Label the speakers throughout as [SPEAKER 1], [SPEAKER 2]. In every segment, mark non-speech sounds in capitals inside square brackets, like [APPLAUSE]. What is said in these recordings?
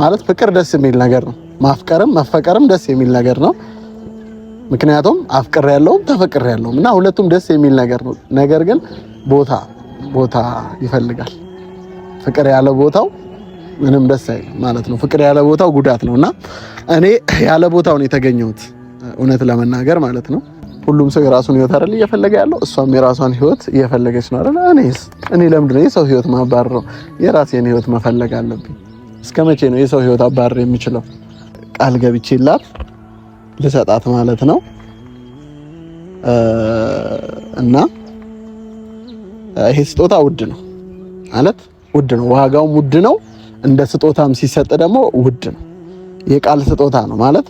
[SPEAKER 1] ማለት ፍቅር ደስ የሚል ነገር ነው። ማፍቀርም መፈቀርም ደስ የሚል ነገር ነው። ምክንያቱም አፍቅር ያለውም ተፈቅር ያለውም እና ሁለቱም ደስ የሚል ነገር ነው። ነገር ግን ቦታ ቦታ ይፈልጋል። ፍቅር ያለ ቦታው ምንም ደስ አይል ማለት ነው። ፍቅር ያለ ቦታው ጉዳት ነው እና እኔ ያለ ቦታው ነው የተገኘሁት እውነት ለመናገር ማለት ነው። ሁሉም ሰው የራሱን ህይወት አይደል እየፈለገ ያለው፣ እሷም የራሷን ህይወት እየፈለገች ነው አይደል። እኔስ እኔ ለምንድን ነው የሰው ህይወት ማባረረው? የራሴን ህይወት መፈለግ አለብኝ። እስከ መቼ ነው የሰው ህይወት አባር የሚችለው ቃል ገብቼላት ልሰጣት ማለት ነው እና ይሄ ስጦታ ውድ ነው ማለት ውድ ነው፣ ዋጋውም ውድ ነው። እንደ ስጦታም ሲሰጥ ደግሞ ውድ ነው። የቃል ስጦታ ነው ማለት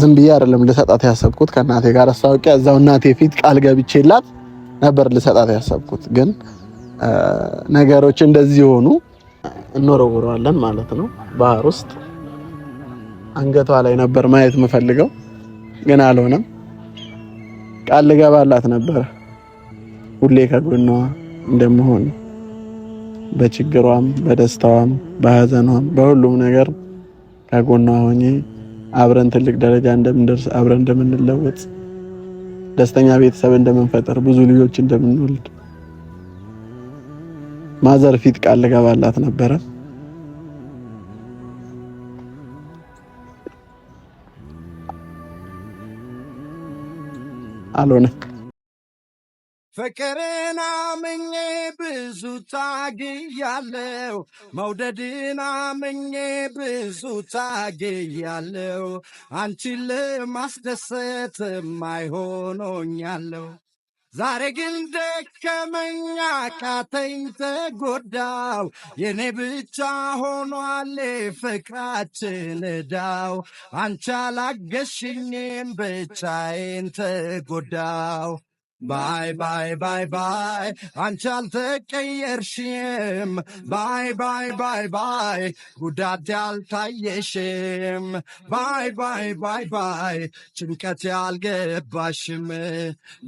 [SPEAKER 1] ዝም ብዬ አይደለም ልሰጣት ያሰብኩት። ከእናቴ ጋር አስታውቂያ እዛው እናቴ ፊት ቃል ገብቼላት ነበር ልሰጣት ያሰብኩት። ግን ነገሮች እንደዚህ ሆኑ። እንወረውረዋለን ማለት ነው ባህር ውስጥ። አንገቷ ላይ ነበር ማየት የምፈልገው ግን አልሆነም። ቃል ልገባላት ነበር ሁሌ ከጎኗ እንደምሆን በችግሯም፣ በደስታዋም፣ በሀዘኗም በሁሉም ነገር ከጎኗ ሆኜ አብረን ትልቅ ደረጃ እንደምንደርስ አብረን እንደምንለወጥ ደስተኛ ቤተሰብ እንደምንፈጠር ብዙ ልጆች እንደምንወልድ ማዘር ፊት ቃል ልገባላት ነበረ። አልሆነ። ፍቅርን አምኜ ብዙ ታግያለው፣ መውደድን አምኜ ብዙ ታግያለው፣ አንቺን ለማስደሰት ማይሆኖኛለው ዛሬ ግን ደከመኛ አቃተኝ፣ ተጎዳው የኔ ብቻ ሆኗል ፍቅራችን ዕዳው። አንቺ አላገሽኝም፣ ብቻዬን ተጎዳው። ባይ ባይ ባይ ባይ አንቺ አልተቀየርሽም። ባይ ባይ ባይ ባይ ጉዳት ያልታየሽም። ባይ ባይ ባይ ባይ ጭንቀት ያልገባሽም።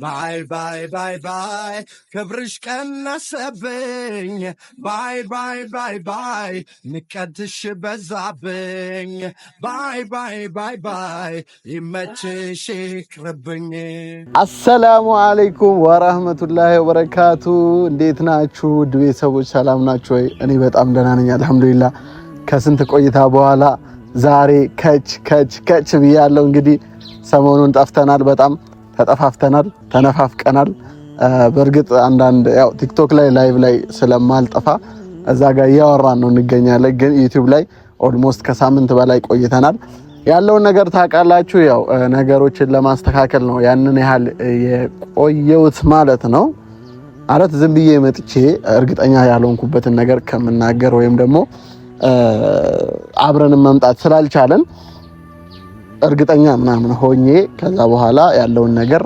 [SPEAKER 1] ባይ ባይ ባይ ባይ ክብርሽ ቀነሰብኝ። ባይ ባይ ባይ ባይ ንቀትሽ በዛብኝ። ባይ ባይ ባይ ባይ ይመችሽ ይቅርብኝ። አሰላሙ አለ አለይኩም ወራህመቱላሂ ወበረካቱ። እንዴት ናችሁ ውድ ቤተሰቦች ሰላም ናችሁ ወይ? እኔ በጣም ደህና ነኝ አልሐምዱሊላ። ከስንት ቆይታ በኋላ ዛሬ ከች ከች ከች ብያለሁ። እንግዲህ ሰሞኑን ጠፍተናል፣ በጣም ተጠፋፍተናል፣ ተነፋፍቀናል። በእርግጥ አንዳንድ ያው ቲክቶክ ላይ ላይቭ ላይ ስለማልጠፋ እዛ ጋር እያወራን ነው እንገኛለን። ግን ዩቲዩብ ላይ ኦልሞስት ከሳምንት በላይ ቆይተናል። ያለውን ነገር ታውቃላችሁ። ያው ነገሮችን ለማስተካከል ነው ያንን ያህል የቆየውት ማለት ነው። አረት ዝም ብዬ መጥቼ እርግጠኛ ያልሆንኩበትን ነገር ከምናገር ወይም ደግሞ አብረን መምጣት ስላልቻለን እርግጠኛ ምናምን ሆኜ ከዛ በኋላ ያለውን ነገር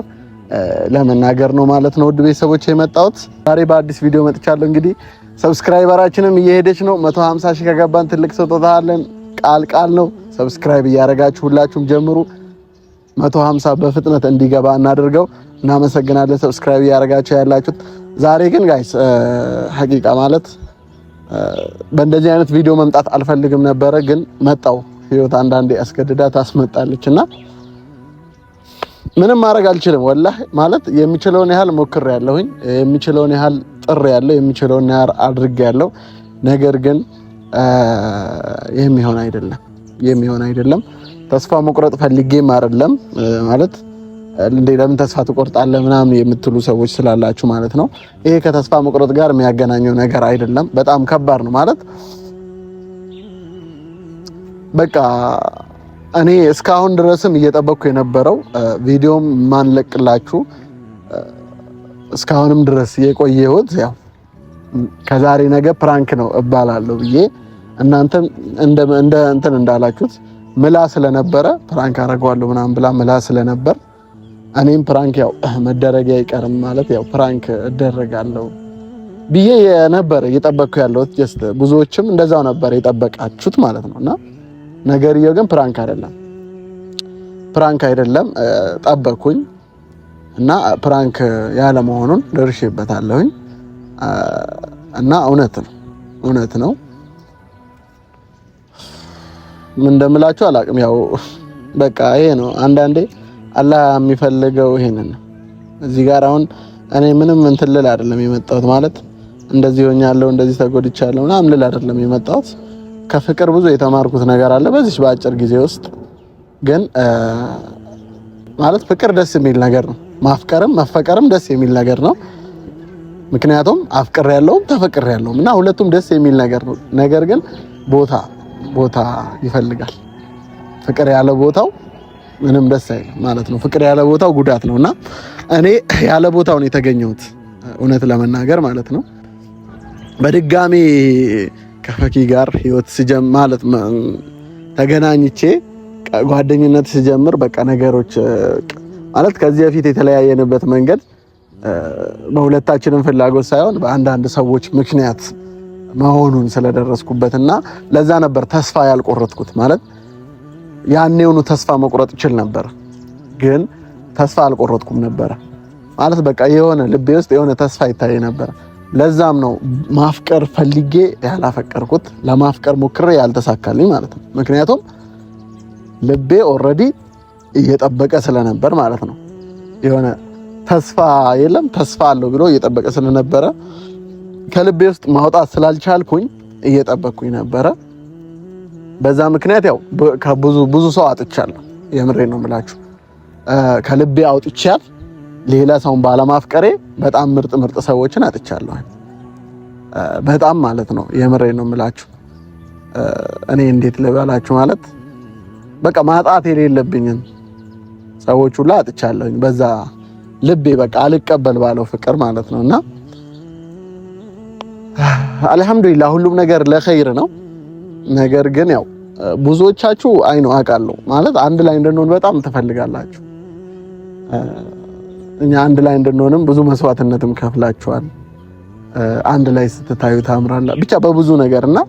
[SPEAKER 1] ለመናገር ነው ማለት ነው። ውድ ቤተሰቦች የመጣሁት ዛሬ በአዲስ ቪዲዮ መጥቻለሁ። እንግዲህ ሰብስክራይበራችንም እየሄደች ነው። 150 ሺህ ከገባን ትልቅ ስጦታ አለን። ቃል ቃል ነው ሰብስክራይብ እያደረጋችሁ ሁላችሁም ጀምሩ። 150 በፍጥነት እንዲገባ እናደርገው። እናመሰግናለን ሰብስክራይብ እያደረጋችሁ ያላችሁት። ዛሬ ግን ጋይስ ሀቂቃ ማለት በእንደዚህ አይነት ቪዲዮ መምጣት አልፈልግም ነበረ፣ ግን መጣው። ህይወት አንዳንዴ አስገድዳ ታስመጣለች እና ምንም ማድረግ አልችልም። ወላህ ማለት የሚችለውን ያህል ሞክር ያለሁኝ የሚችለውን ያህል ጥር ያለው የሚችለውን ያህል አድርጌ ያለው ነገር ግን የሚሆን አይደለም። የሚሆን አይደለም። ተስፋ መቁረጥ ፈልጌም አይደለም ማለት እንዴ ለምን ተስፋ ትቆርጣለህ ምናምን የምትሉ ሰዎች ስላላችሁ ማለት ነው። ይሄ ከተስፋ መቁረጥ ጋር የሚያገናኘው ነገር አይደለም። በጣም ከባድ ነው ማለት በቃ እኔ እስካሁን ድረስም እየጠበቅኩ የነበረው ቪዲዮም ማንለቅላችሁ እስካሁንም ድረስ የቆየሁት ያው ከዛሬ ነገ ፕራንክ ነው እባላለሁ ብዬ እናንተም እንደ እንትን እንዳላችሁት ምላ ስለነበረ ፕራንክ አደርገዋለሁ ምናምን ብላ ምላ ስለነበር እኔም ፕራንክ ያው መደረግ አይቀርም ማለት ያው ፕራንክ እደረጋለሁ ብዬ የነበረ እየጠበቅኩ ያለሁት። ጀስት ብዙዎችም እንደዛው ነበር የጠበቃችሁት ማለት ነው። እና ነገርየው ግን ፕራንክ አይደለም፣ ፕራንክ አይደለም። ጠበቅኩኝ እና ፕራንክ ያለ መሆኑን ደርሼበታለሁኝ እና እውነት ነው፣ እውነት ነው። ምን እንደምላችሁ አላቅም። ያው በቃ ይሄ ነው። አንዳንዴ አላህ የሚፈልገው ይሄንን ነው። እዚህ ጋር አሁን እኔ ምንም እንትን ልል አይደለም የመጣሁት ማለት እንደዚህ ሆኛለሁ፣ እንደዚህ ተጎድቻለሁ ምናምን ልል አይደለም የመጣሁት። ከፍቅር ብዙ የተማርኩት ነገር አለ በዚህ በአጭር ጊዜ ውስጥ ግን ማለት ፍቅር ደስ የሚል ነገር ነው። ማፍቀርም መፈቀርም ደስ የሚል ነገር ነው። ምክንያቱም አፍቅር ያለውም ተፈቅር ያለውም እና ሁለቱም ደስ የሚል ነገር ነው። ነገር ግን ቦታ ቦታ ይፈልጋል። ፍቅር ያለ ቦታው ምንም ደስ አይልም ማለት ነው። ፍቅር ያለ ቦታው ጉዳት ነው እና እኔ ያለ ቦታውን የተገኘሁት እውነት ለመናገር ማለት ነው። በድጋሜ ከፈኪ ጋር ህይወት ስጀምር ማለት ተገናኝቼ ጓደኝነት ስጀምር በቃ ነገሮች ማለት ከዚህ በፊት የተለያየንበት መንገድ በሁለታችንም ፍላጎት ሳይሆን በአንዳንድ ሰዎች ምክንያት መሆኑን ስለደረስኩበትና ለዛ ነበር ተስፋ ያልቆረጥኩት። ማለት ያኔውኑ ተስፋ መቁረጥ ይችል ነበር፣ ግን ተስፋ አልቆረጥኩም ነበረ። ማለት በቃ የሆነ ልቤ ውስጥ የሆነ ተስፋ ይታይ ነበር። ለዛም ነው ማፍቀር ፈልጌ ያላፈቀርኩት፣ ለማፍቀር ሞክሬ ያልተሳካልኝ ማለት ነው። ምክንያቱም ልቤ ኦልሬዲ እየጠበቀ ስለነበር ማለት ነው። የሆነ ተስፋ የለም ተስፋ አለው ብሎ እየጠበቀ ስለነበረ ከልቤ ውስጥ ማውጣት ስላልቻልኩኝ እየጠበቅኩኝ ነበረ። በዛ ምክንያት ያው ከብዙ ብዙ ሰው አጥቻለሁ። የምሬ ነው የምላችሁ። ከልቤ አውጥቻል ሌላ ሰውን ባለማፍቀሬ በጣም ምርጥ ምርጥ ሰዎችን አጥቻለሁ። በጣም ማለት ነው። የምሬ ነው የምላችሁ። እኔ እንዴት ልበላችሁ ማለት በቃ ማጣት የሌለብኝን ሰዎች ሁላ አጥቻለሁኝ። በዛ ልቤ በቃ አልቀበል ባለው ፍቅር ማለት ነውና አልሐምዱሊላህ ሁሉም ነገር ለኸይር ነው። ነገር ግን ያው ብዙዎቻችሁ አይ ነው አውቃለሁ ማለት አንድ ላይ እንድንሆን በጣም ትፈልጋላችሁ። እኛ አንድ ላይ እንድንሆንም ብዙ መስዋዕትነትም ከፍላችኋል። አንድ ላይ ስትታዩ ታምራላ ብቻ በብዙ ነገርና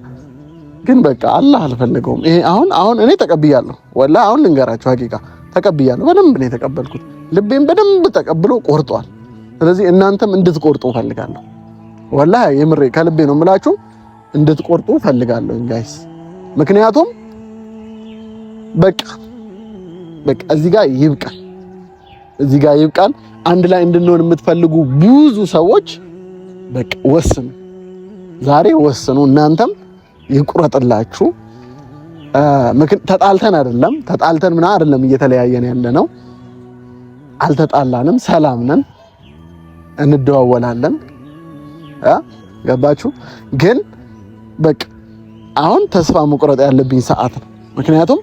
[SPEAKER 1] ግን በቃ አላህ አልፈልገውም። ይሄ አሁን አሁን እኔ ተቀብያለሁ፣ ወላ አሁን ልንገራችሁ ሀቂቃ ተቀብያለሁ። በደንብ ነው የተቀበልኩት። ልቤም በደንብ ተቀብሎ ቆርጧል። ስለዚህ እናንተም እንድትቆርጡ እፈልጋለሁ። ወላ የምሬ ከልቤ ነው የምላችሁ እንድትቆርጡ ፈልጋለሁ ጋይስ። ምክንያቱም በቃ በቃ እዚህ ጋር ይብቃል፣ እዚህ ጋር ይብቃል። አንድ ላይ እንድንሆን የምትፈልጉ ብዙ ሰዎች በቃ ወስኑ፣ ዛሬ ወስኑ። እናንተም ይቁረጥላችሁ። ተጣልተን አይደለም ተጣልተን ምና አይደለም እየተለያየን ያለ ነው። አልተጣላንም፣ ሰላም ነን፣ እንደዋወላለን ገባችሁ? ግን በቃ አሁን ተስፋ መቁረጥ ያለብኝ ሰዓት ነው። ምክንያቱም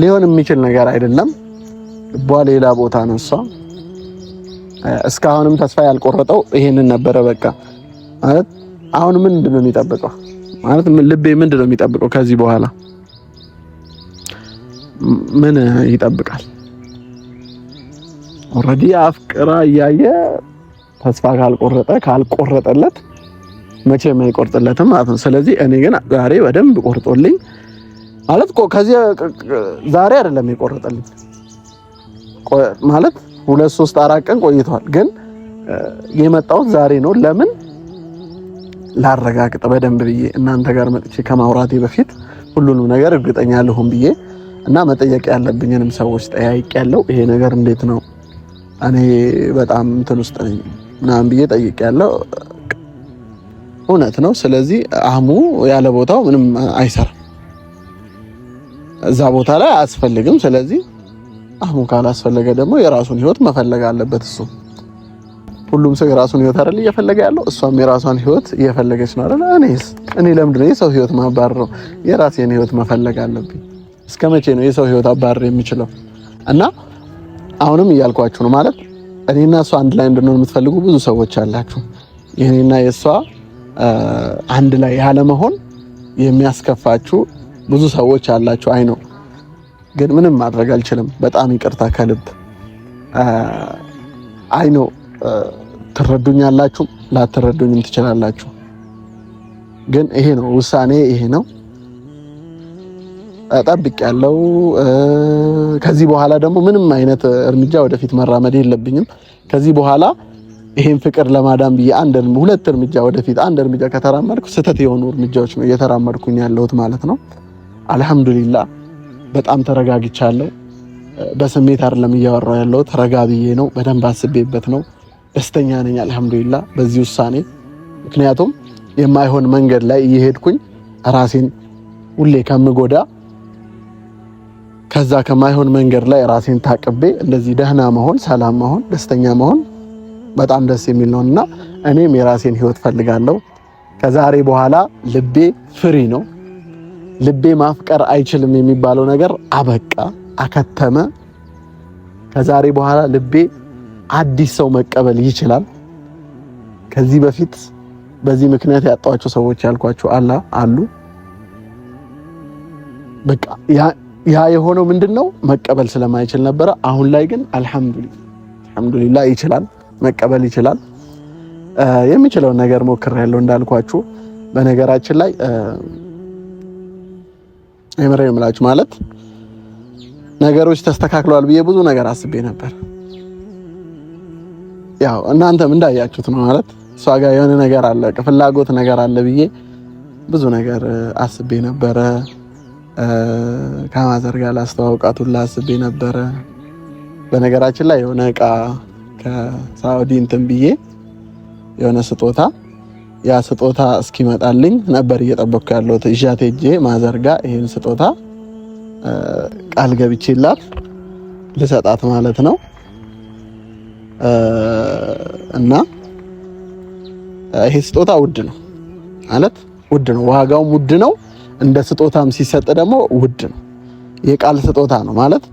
[SPEAKER 1] ሊሆን የሚችል ነገር አይደለም። ልቧ ሌላ ቦታ ነው። እሷ እስካሁንም ተስፋ ያልቆረጠው ይሄንን ነበረ። በቃ ማለት አሁን ምንድን ነው የሚጠብቀው? ማለት ልቤ ምንድን ነው የሚጠብቀው? ከዚህ በኋላ ምን ይጠብቃል? ኦልሬዲ አፍቅራ እያየ ተስፋ ካልቆረጠ ካልቆረጠለት መቼም አይቆርጥለትም ማለት ነው። ስለዚህ እኔ ግን ዛሬ በደንብ ቆርጦልኝ ማለት ከዚ ከዚህ ዛሬ አይደለም የቆረጠልኝ ማለት ሁለት ሶስት አራት ቀን ቆይተዋል። ግን የመጣሁት ዛሬ ነው። ለምን ላረጋግጥ በደንብ ብዬ እናንተ ጋር መጥቼ ከማውራቴ በፊት ሁሉንም ነገር እርግጠኛ ልሁን ብዬ እና መጠየቅ ያለብኝንም ሰዎች ጠያይቅ ያለው ይሄ ነገር እንዴት ነው እኔ በጣም እንትን ውስጥ ነኝ ምናምን ብዬ ጠይቅ ያለው እውነት ነው። ስለዚህ አህሙ ያለ ቦታው ምንም አይሰራም፣ እዛ ቦታ ላይ አያስፈልግም። ስለዚህ አህሙ ካላስፈለገ ደግሞ የራሱን ህይወት መፈለግ አለበት። እሱ ሁሉም ሰው የራሱን ህይወት አይደል እየፈለገ ያለው፣ እሷም የራሷን ህይወት እየፈለገች ነው አይደል። እኔስ እኔ ለምንድን ነው የሰው ህይወት ማባረረው? የራሴን ህይወት መፈለግ አለብኝ። እስከ መቼ ነው የሰው ህይወት አባረር የሚችለው። እና አሁንም እያልኳችሁ ነው ማለት እኔና እሷ አንድ ላይ እንድንሆን የምትፈልጉ ብዙ ሰዎች አላችሁ። የእኔና የእሷ አንድ ላይ ያለመሆን የሚያስከፋችሁ ብዙ ሰዎች አላችሁ። አይ ነው ግን ምንም ማድረግ አልችልም። በጣም ይቅርታ ከልብ አይ ነው። ትረዱኝ አላችሁ፣ ላትረዱኝም ትችላላችሁ። ግን ይሄ ነው ውሳኔ፣ ይሄ ነው ጠብቅ ያለው ከዚህ በኋላ ደግሞ ምንም አይነት እርምጃ ወደፊት መራመድ የለብኝም። ከዚህ በኋላ ይሄን ፍቅር ለማዳን ብዬ አንድ ሁለት እርምጃ ወደፊት አንድ እርምጃ ከተራመድኩ ስህተት የሆኑ እርምጃዎች ነው እየተራመድኩኝ ያለሁት ማለት ነው። አልሐምዱሊላ በጣም ተረጋግቻለሁ። በስሜት አይደለም እያወራሁ ያለው ተረጋ ብዬ ነው። በደንብ አስቤበት ነው። ደስተኛ ነኝ አልሐምዱሊላ በዚህ ውሳኔ። ምክንያቱም የማይሆን መንገድ ላይ እየሄድኩኝ ራሴን ሁሌ ከምጎዳ ከዛ ከማይሆን መንገድ ላይ ራሴን ታቅቤ እንደዚህ ደህና መሆን፣ ሰላም መሆን፣ ደስተኛ መሆን በጣም ደስ የሚል ነው እና እኔም የራሴን ህይወት ፈልጋለሁ። ከዛሬ በኋላ ልቤ ፍሪ ነው። ልቤ ማፍቀር አይችልም የሚባለው ነገር አበቃ፣ አከተመ። ከዛሬ በኋላ ልቤ አዲስ ሰው መቀበል ይችላል። ከዚህ በፊት በዚህ ምክንያት ያጣኋቸው ሰዎች ያልኳቸው አላ አሉ በቃ ያ የሆነው ምንድን ነው መቀበል ስለማይችል ነበረ። አሁን ላይ ግን አልሐምዱሊላ ይችላል፣ መቀበል ይችላል። የሚችለውን ነገር ሞክር ያለው እንዳልኳችሁ። በነገራችን ላይ የምሬ የምላችሁ ማለት ነገሮች ተስተካክለዋል ብዬ ብዙ ነገር አስቤ ነበር። ያው እናንተም እንዳያችሁት ነው ማለት እሷ ጋር የሆነ ነገር አለ፣ ፍላጎት ነገር አለ ብዬ ብዙ ነገር አስቤ ነበረ። ከማዘር ጋር ላስተዋውቃት ሁላ አስቤ ነበረ። በነገራችን ላይ የሆነ እቃ ከሳውዲ እንትን ብዬ የሆነ ስጦታ ያ ስጦታ እስኪመጣልኝ ነበር እየጠበቅኩ ያለሁት። እዣት ሄጄ ማዘር ጋር ይህን ስጦታ ቃል ገብቼላት ልሰጣት ማለት ነው እና ይሄ ስጦታ ውድ ነው ማለት ውድ ነው፣ ዋጋውም ውድ ነው። እንደ ስጦታም ሲሰጥ ደግሞ ውድ ነው። የቃል ስጦታ ነው ማለት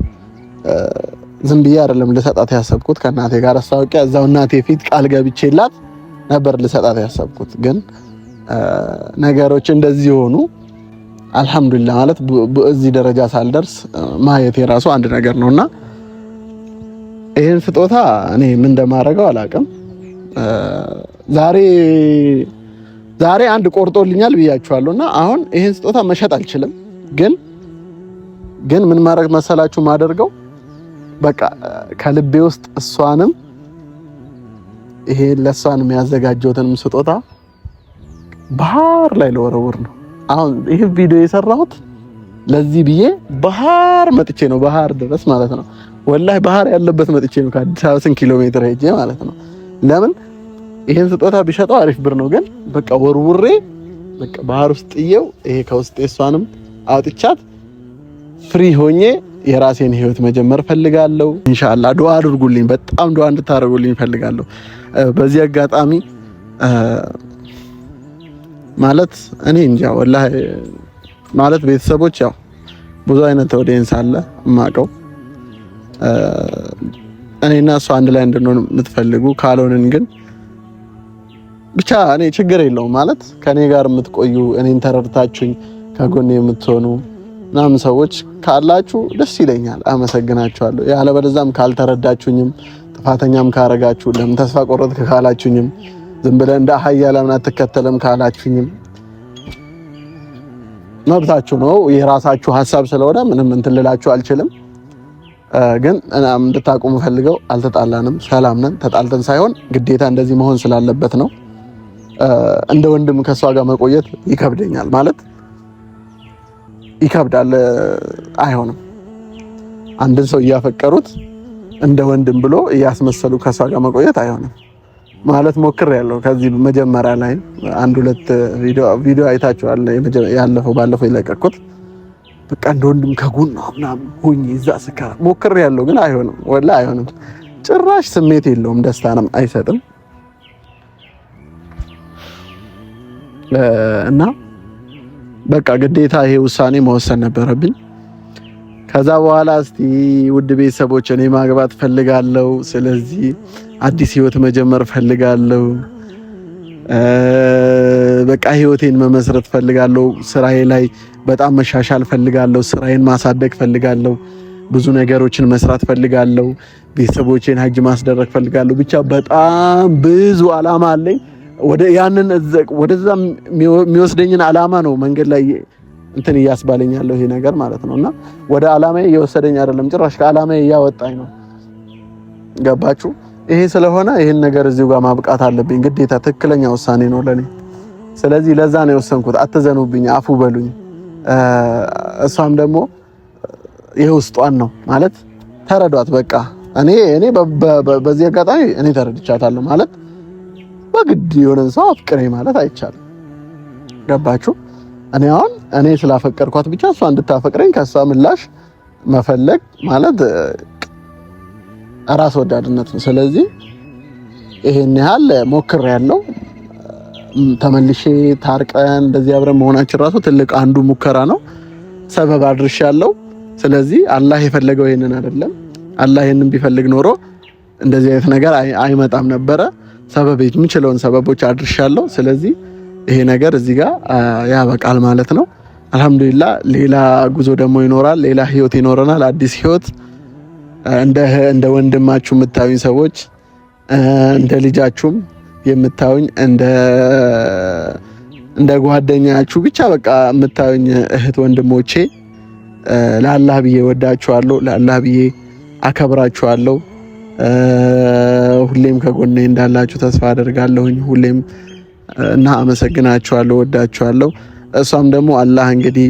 [SPEAKER 1] ዝም ብዬ አይደለም ልሰጣት ያሰብኩት። ከእናቴ ጋር አስታውቂያ እዛው እናቴ ፊት ቃል ገብቼላት ነበር ልሰጣት ያሰብኩት። ግን ነገሮች እንደዚህ ሆኑ። አልሐምዱሊላ ማለት በዚህ ደረጃ ሳልደርስ ማየት የራሱ አንድ ነገር ነውና ይህን ስጦታ እኔ ምን እንደማደርገው አላውቅም ዛሬ ዛሬ አንድ ቆርጦልኛል ብያችኋለሁ። እና አሁን ይሄን ስጦታ መሸጥ አልችልም፣ ግን ግን ምን ማድረግ መሰላችሁ ማደርገው በቃ ከልቤ ውስጥ እሷንም ይሄ ለእሷንም ያዘጋጀሁትንም ስጦታ ባህር ላይ ለወረውር ነው። አሁን ይህ ቪዲዮ የሰራሁት ለዚህ ብዬ ባህር መጥቼ ነው፣ ባህር ድረስ ማለት ነው። ወላሂ ባህር ያለበት መጥቼ ነው፣ ከአዲስ አበባ ስንት ኪሎ ሜትር ሄጄ ማለት ነው። ለምን ይሄን ስጦታ ቢሸጠው አሪፍ ብር ነው፣ ግን በቃ ወርውሬ በቃ ባህር ውስጥ ጥዬው ይሄ ከውስጤ እሷንም አውጥቻት ፍሪ ሆኜ የራሴን ህይወት መጀመር ፈልጋለሁ። ኢንሻአላ ዱአ አድርጉልኝ፣ በጣም ዱአ እንድታደርጉልኝ ፈልጋለሁ። በዚህ አጋጣሚ ማለት እኔ እንጃ ወላሂ ማለት ቤተሰቦች ያው ብዙ አይነት ኦዲየንስ አለ እማቀው እኔና እሷ አንድ ላይ እንድንሆን የምትፈልጉ ካልሆንን ግን ብቻ እኔ ችግር የለውም ማለት ከኔ ጋር የምትቆዩ እኔን ተረድታችሁኝ ከጎኔ የምትሆኑ ምናምን ሰዎች ካላችሁ ደስ ይለኛል፣ አመሰግናችኋለሁ። ያለበለዚያም ካልተረዳችሁኝም ጥፋተኛም ካረጋችሁ ለምን ተስፋ ቆረጥክ ካላችሁኝም ዝም ብለህ እንደ አህያ ለምን አትከተልም ካላችሁኝም መብታችሁ ነው። የራሳችሁ ሀሳብ ስለሆነ ምንም እንትን ልላችሁ አልችልም። ግን እንድታቁም ፈልገው አልተጣላንም፣ ሰላም ነን። ተጣልተን ሳይሆን ግዴታ እንደዚህ መሆን ስላለበት ነው። እንደ ወንድም ከእሷ ጋር መቆየት ይከብደኛል ማለት ይከብዳል። አይሆንም። አንድን ሰው እያፈቀሩት እንደ ወንድም ብሎ እያስመሰሉ ከእሷ ጋር መቆየት አይሆንም ማለት ሞክር ያለው ከዚህ መጀመሪያ ላይ አንድ ሁለት ቪዲዮ አይታችኋል። ያለፈው ባለፈው የለቀኩት በቃ እንደ ወንድም ከጎን ነው ምናምን ሁኝ እዛ ስካ ሞክር ያለው ግን አይሆንም፣ ወላ አይሆንም። ጭራሽ ስሜት የለውም፣ ደስታንም አይሰጥም። እና በቃ ግዴታ ይሄ ውሳኔ መወሰን ነበረብኝ። ከዛ በኋላ እስቲ ውድ ቤተሰቦች እኔ ማግባት ፈልጋለሁ፣ ስለዚህ አዲስ ህይወት መጀመር ፈልጋለሁ፣ በቃ ህይወቴን መመስረት ፈልጋለሁ፣ ስራዬ ላይ በጣም መሻሻል ፈልጋለሁ፣ ስራዬን ማሳደግ ፈልጋለሁ፣ ብዙ ነገሮችን መስራት ፈልጋለሁ፣ ቤተሰቦቼን ሀጅ ማስደረግ ፈልጋለሁ። ብቻ በጣም ብዙ አላማ አለኝ። ያንን ወደዛ የሚወስደኝን አላማ ነው መንገድ ላይ እንትን እያስባለኝ ያለው ይሄ ነገር ማለት ነው። እና ወደ አላማዬ እየወሰደኝ አይደለም፣ ጭራሽ ከአላማዬ እያወጣኝ ነው። ገባችሁ? ይሄ ስለሆነ ይህን ነገር እዚሁ ጋር ማብቃት አለብኝ ግዴታ። ትክክለኛ ውሳኔ ነው ለኔ። ስለዚህ ለዛ ነው የወሰንኩት። አትዘኑብኝ፣ አፉ በሉኝ። እሷም ደግሞ የውስጧን ነው ማለት ተረዷት። በቃ እኔ እኔ በዚህ አጋጣሚ እኔ ተረድቻታለሁ ማለት በግድ ግድ የሆነን ሰው አፍቅሬ ማለት አይቻልም። ገባችሁ? እኔ አሁን እኔ ስላፈቀርኳት ብቻ እሷ እንድታፈቅረኝ ከሷ ምላሽ መፈለግ ማለት ራስ ወዳድነት ነው። ስለዚህ ይሄን ያህል ሞክር ያለው ተመልሼ ታርቀን እንደዚህ አብረን መሆናችን ራሱ ትልቅ አንዱ ሙከራ ነው። ሰበብ አድርሻለሁ። ስለዚህ አላህ የፈለገው ይሄንን አይደለም። አላህ ይሄንን ቢፈልግ ኖሮ እንደዚህ አይነት ነገር አይመጣም ነበረ። ሰበብ የምችለውን ሰበቦች አድርሻለሁ። ስለዚህ ይሄ ነገር እዚህ ጋር ያበቃል ማለት ነው። አልሐምዱሊላ ሌላ ጉዞ ደግሞ ይኖራል። ሌላ ህይወት ይኖረናል። አዲስ ህይወት እንደ ወንድማችሁ የምታዩኝ ሰዎች እንደ ልጃችሁም የምታዩኝ እንደ ጓደኛችሁ ብቻ በቃ የምታዩኝ እህት ወንድሞቼ ለአላህ ብዬ ወዳችኋለሁ። ለአላህ ብዬ አከብራችኋለሁ። ሁሌም ከጎኔ እንዳላችሁ ተስፋ አደርጋለሁኝ። ሁሌም እና አመሰግናችኋለሁ፣ ወዳችኋለሁ። እሷም ደግሞ አላህ እንግዲህ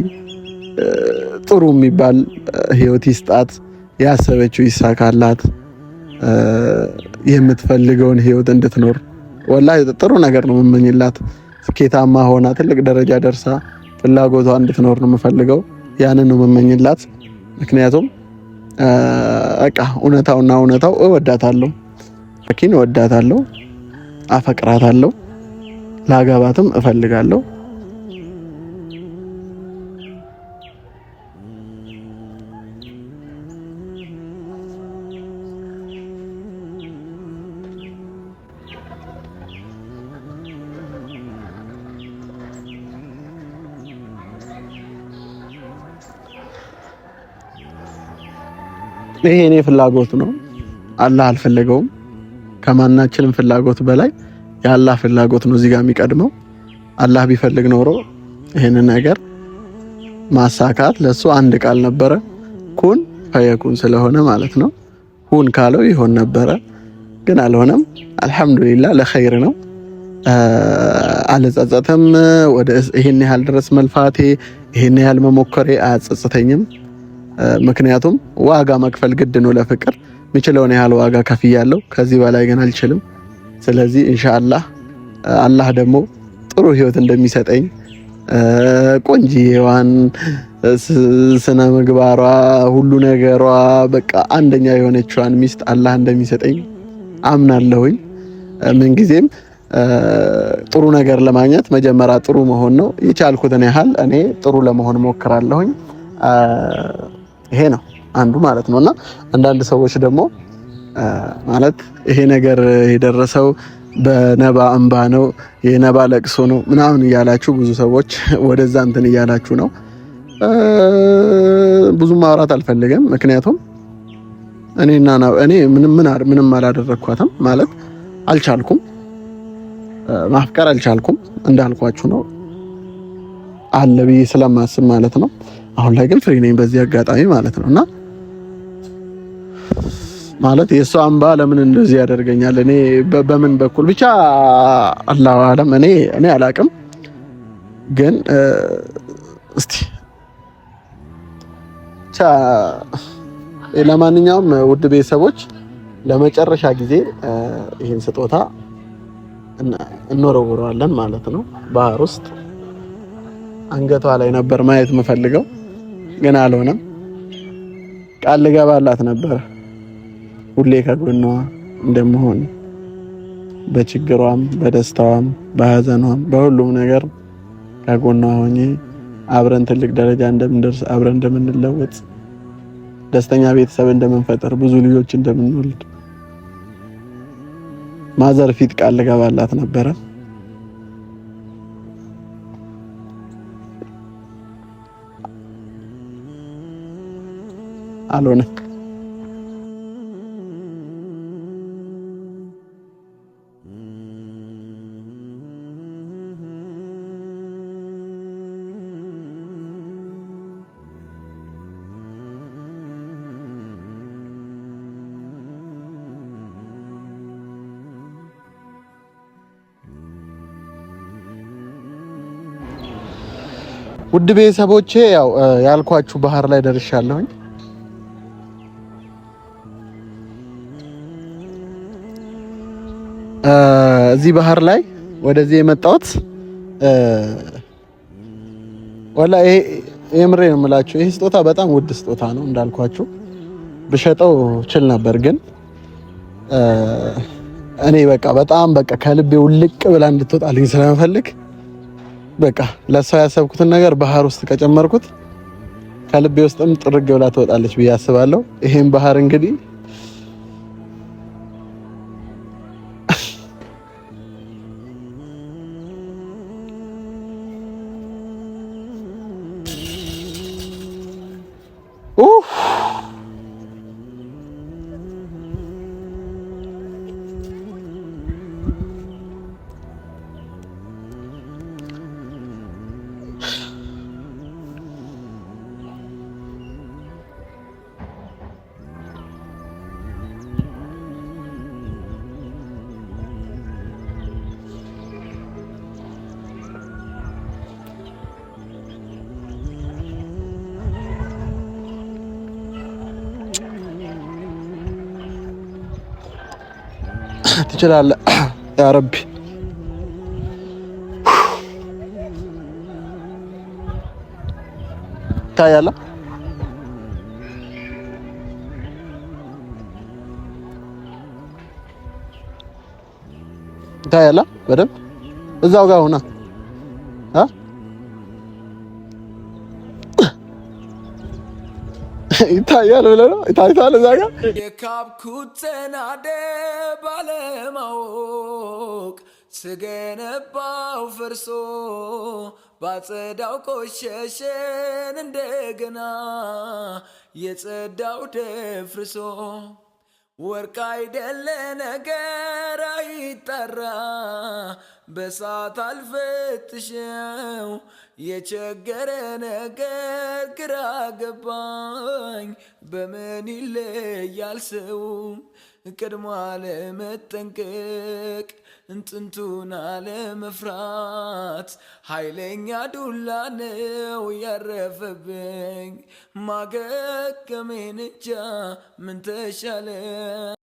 [SPEAKER 1] ጥሩ የሚባል ህይወት ይስጣት፣ ያሰበችው ይሳካላት፣ የምትፈልገውን ህይወት እንድትኖር ወላ ጥሩ ነገር ነው የምመኝላት። ስኬታማ ሆና ትልቅ ደረጃ ደርሳ ፍላጎቷ እንድትኖር ነው የምፈልገው። ያንን ነው የምመኝላት ምክንያቱም በቃ እውነታውና እውነታው እወዳታለሁ፣ ኪን እወዳታለሁ፣ አፈቅራታለሁ፣ ላገባትም እፈልጋለሁ። ይሄ እኔ ፍላጎት ነው። አላህ አልፈለገውም። ከማናችንም ፍላጎት በላይ የአላህ ፍላጎት ነው እዚህ ጋር የሚቀድመው። አላህ ቢፈልግ ኖሮ ይህንን ነገር ማሳካት ለሱ አንድ ቃል ነበረ፣ ኩን ፈየኩን ስለሆነ ማለት ነው። ሁን ካለው ይሆን ነበረ፣ ግን አልሆነም። አልሐምዱሊላህ ለኸይር ነው። አልጸጸተም። ወደ ይህን ያህል ድረስ መልፋቴ፣ ይህን ያህል መሞከሬ አያጸጽተኝም። ምክንያቱም ዋጋ መክፈል ግድ ነው ለፍቅር የምችለውን ያህል ዋጋ ያለው ከዚህ በላይ ግን አልችልም። ስለዚህ ኢንሻአላህ አላህ ደግሞ ጥሩ ህይወት እንደሚሰጠኝ ቆንጂዋን ስነ ምግባሯ ሁሉ ነገሯ በቃ አንደኛ የሆነችዋን ሚስት አላህ እንደሚሰጠኝ አምናለሁኝ። ምንጊዜም ጥሩ ነገር ለማግኘት መጀመሪያ ጥሩ መሆን ነው። የቻልኩትን ያህል እኔ ጥሩ ለመሆን ሞክራለሁኝ። ይሄ ነው አንዱ ማለት እና አንዳንድ ሰዎች ደግሞ ማለት ይሄ ነገር የደረሰው በነባ እንባ ነው፣ የነባ ለቅሶ ነው ምናምን እያላችሁ ብዙ ሰዎች ወደዛ እንትን እያላችሁ ነው። ብዙ ማውራት አልፈልግም፣ ምክንያቱም እኔና እኔ ምንም ምንም አላደረኳትም ማለት አልቻልኩም፣ ማፍቀር አልቻልኩም። እንዳልኳችሁ ነው አለ ብዬ ስለማስብ ማለት ነው። አሁን ላይ ግን ፍሪ ነኝ በዚህ አጋጣሚ ማለት ነው እና ማለት የእሷ አምባ ለምን እንደዚህ ያደርገኛል? እኔ በምን በኩል ብቻ አላህ አለም። እኔ እኔ አላቅም፣ ግን እስቲ ለማንኛውም ውድ ቤተሰቦች ለመጨረሻ ጊዜ ይህን ስጦታ እንወረውረዋለን ማለት ነው። ባህር ውስጥ አንገቷ ላይ ነበር ማየት የምፈልገው ግን አልሆነም። ቃል ልገባላት ነበር ሁሌ ከጎኗ እንደምሆን በችግሯም፣ በደስታዋም፣ በሐዘኗም በሁሉም ነገር ከጎኗ ሆኜ አብረን ትልቅ ደረጃ እንደምንደርስ አብረን እንደምንለወጥ ደስተኛ ቤተሰብ እንደምንፈጠር ብዙ ልጆች እንደምንወልድ ማዘር ፊት ቃል ልገባላት ነበረ። አልሆነ። ውድ ቤተሰቦቼ ያው ያልኳችሁ ባህር ላይ ደርሻለሁኝ። እዚህ ባህር ላይ ወደዚህ የመጣሁት ወላ ይሄ የምሬ ነው የምላችሁ። ይሄ ስጦታ በጣም ውድ ስጦታ ነው እንዳልኳችሁ ብሸጠው ችል ነበር፣ ግን እኔ በቃ በጣም በቃ ከልቤ ውልቅ ብላ እንድትወጣልኝ ስለምፈልግ በቃ ለሰው ያሰብኩትን ነገር ባህር ውስጥ ከጨመርኩት ከልቤ ውስጥም ጥርግ ብላ ትወጣለች ብዬ አስባለሁ። ይሄን ባህር እንግዲህ ትችላለህ [CLEARS THROAT] ያ ረቢ። ታያላ ታያላ በደንብ እዛው ጋር ሆና ይታያል ብለህ ነው ታይቷል። እዛ ጋር የካብኩትን አደ ባለማወቅ ስገነባው ፈርሶ ባጸዳው ቆሸሸን እንደገና የጸዳው ደፍርሶ ወርቅ አይደለ ነገር አይጠራ በሳት አልፈትሸው የቸገረ ነገር ግራ ገባኝ። በምን ይለያል ሰው ቀድሞ አለመጠንቀቅ እንጥንቱን አለመፍራት ኃይለኛ ዱላ ነው ያረፈብኝ። ማገገሜን እንጃ ምን ተሻለ